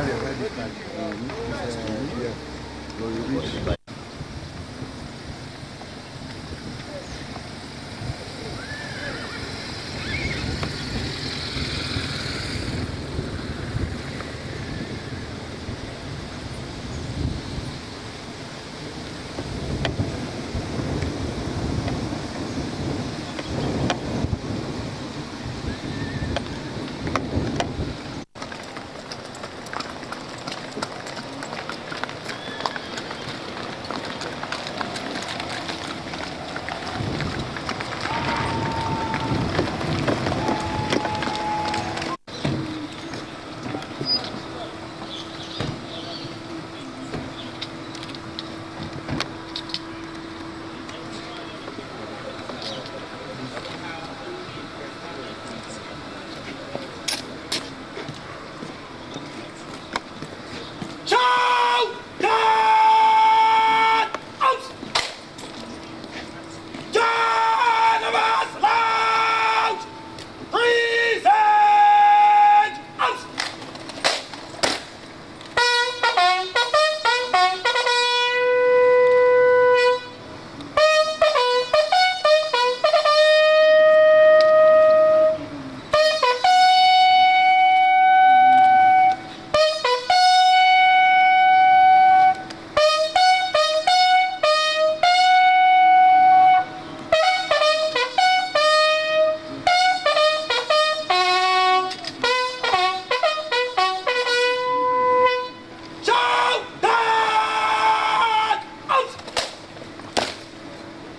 tell your head is like, uh, this, uh, yeah, so you reach.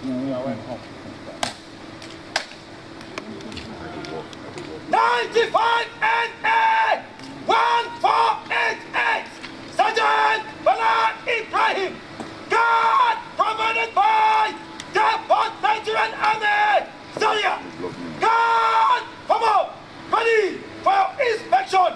No, I went home. 95 and 8! 1488! Sergeant Bernard Ibrahim! God provided by the 4th Nigerian Army! Zaria! God, come up, Ready for inspection!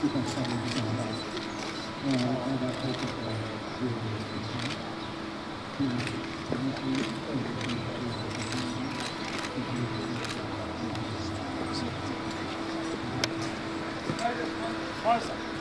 开始，开始。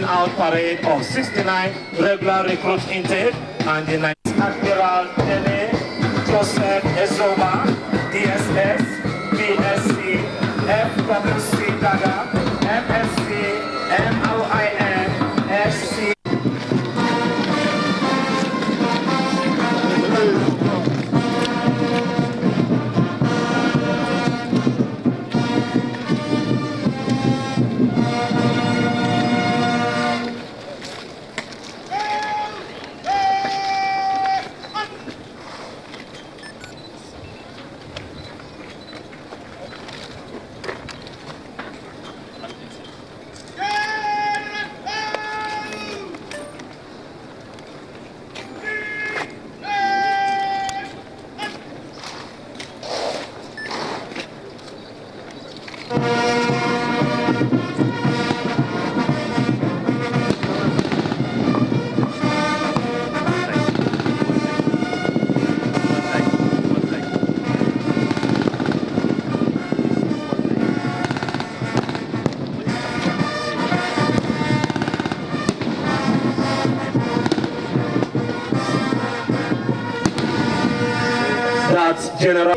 passing out parade of 69 regular recruits intake and the Ninth Admiral Dele Joseph Ezoma, DSS, BSC, FWC Daga, that general.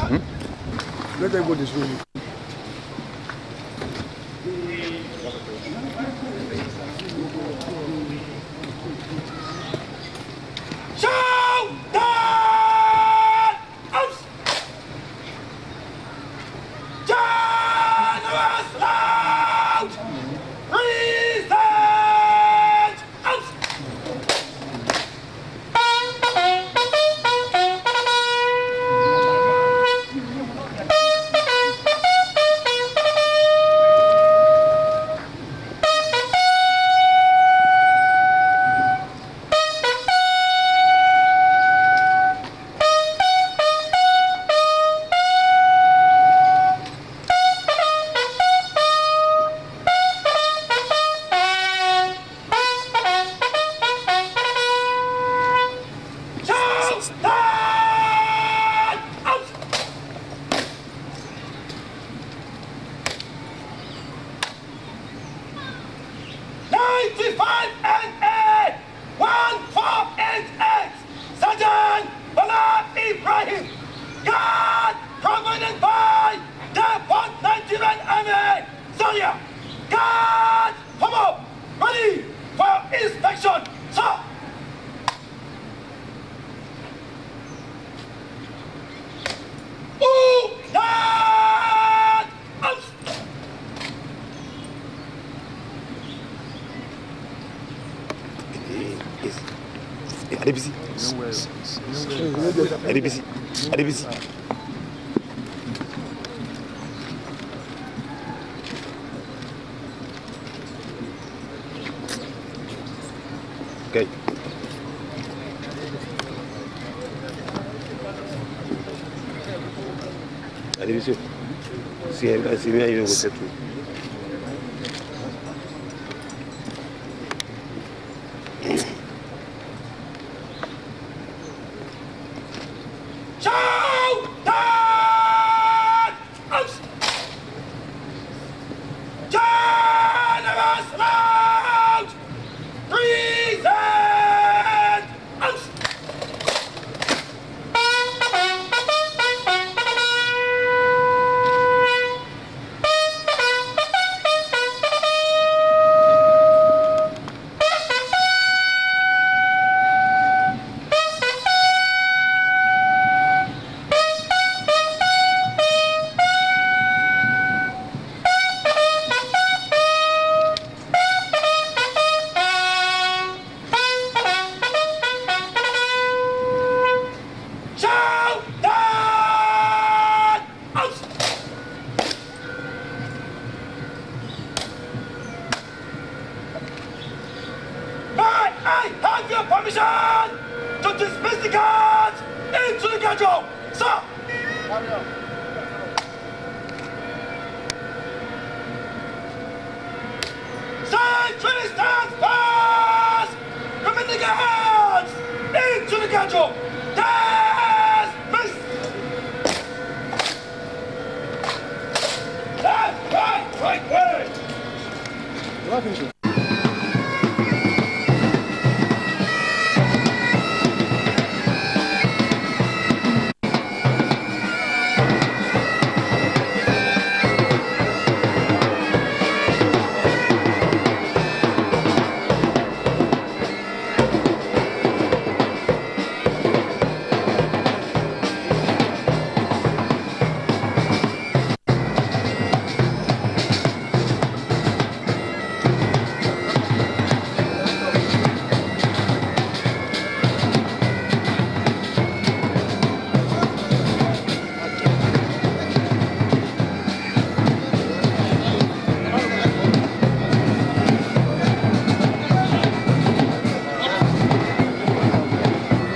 Hmm? Let them go this way. Five and 8, 1488, Sergeant Bala Ibrahim, God provided by the 4th Nigerian Army, Allez, bisous. Allez, bisous. Allez, bisous. Ok. Allez, monsieur. Si elle va, bien, il est vous tout.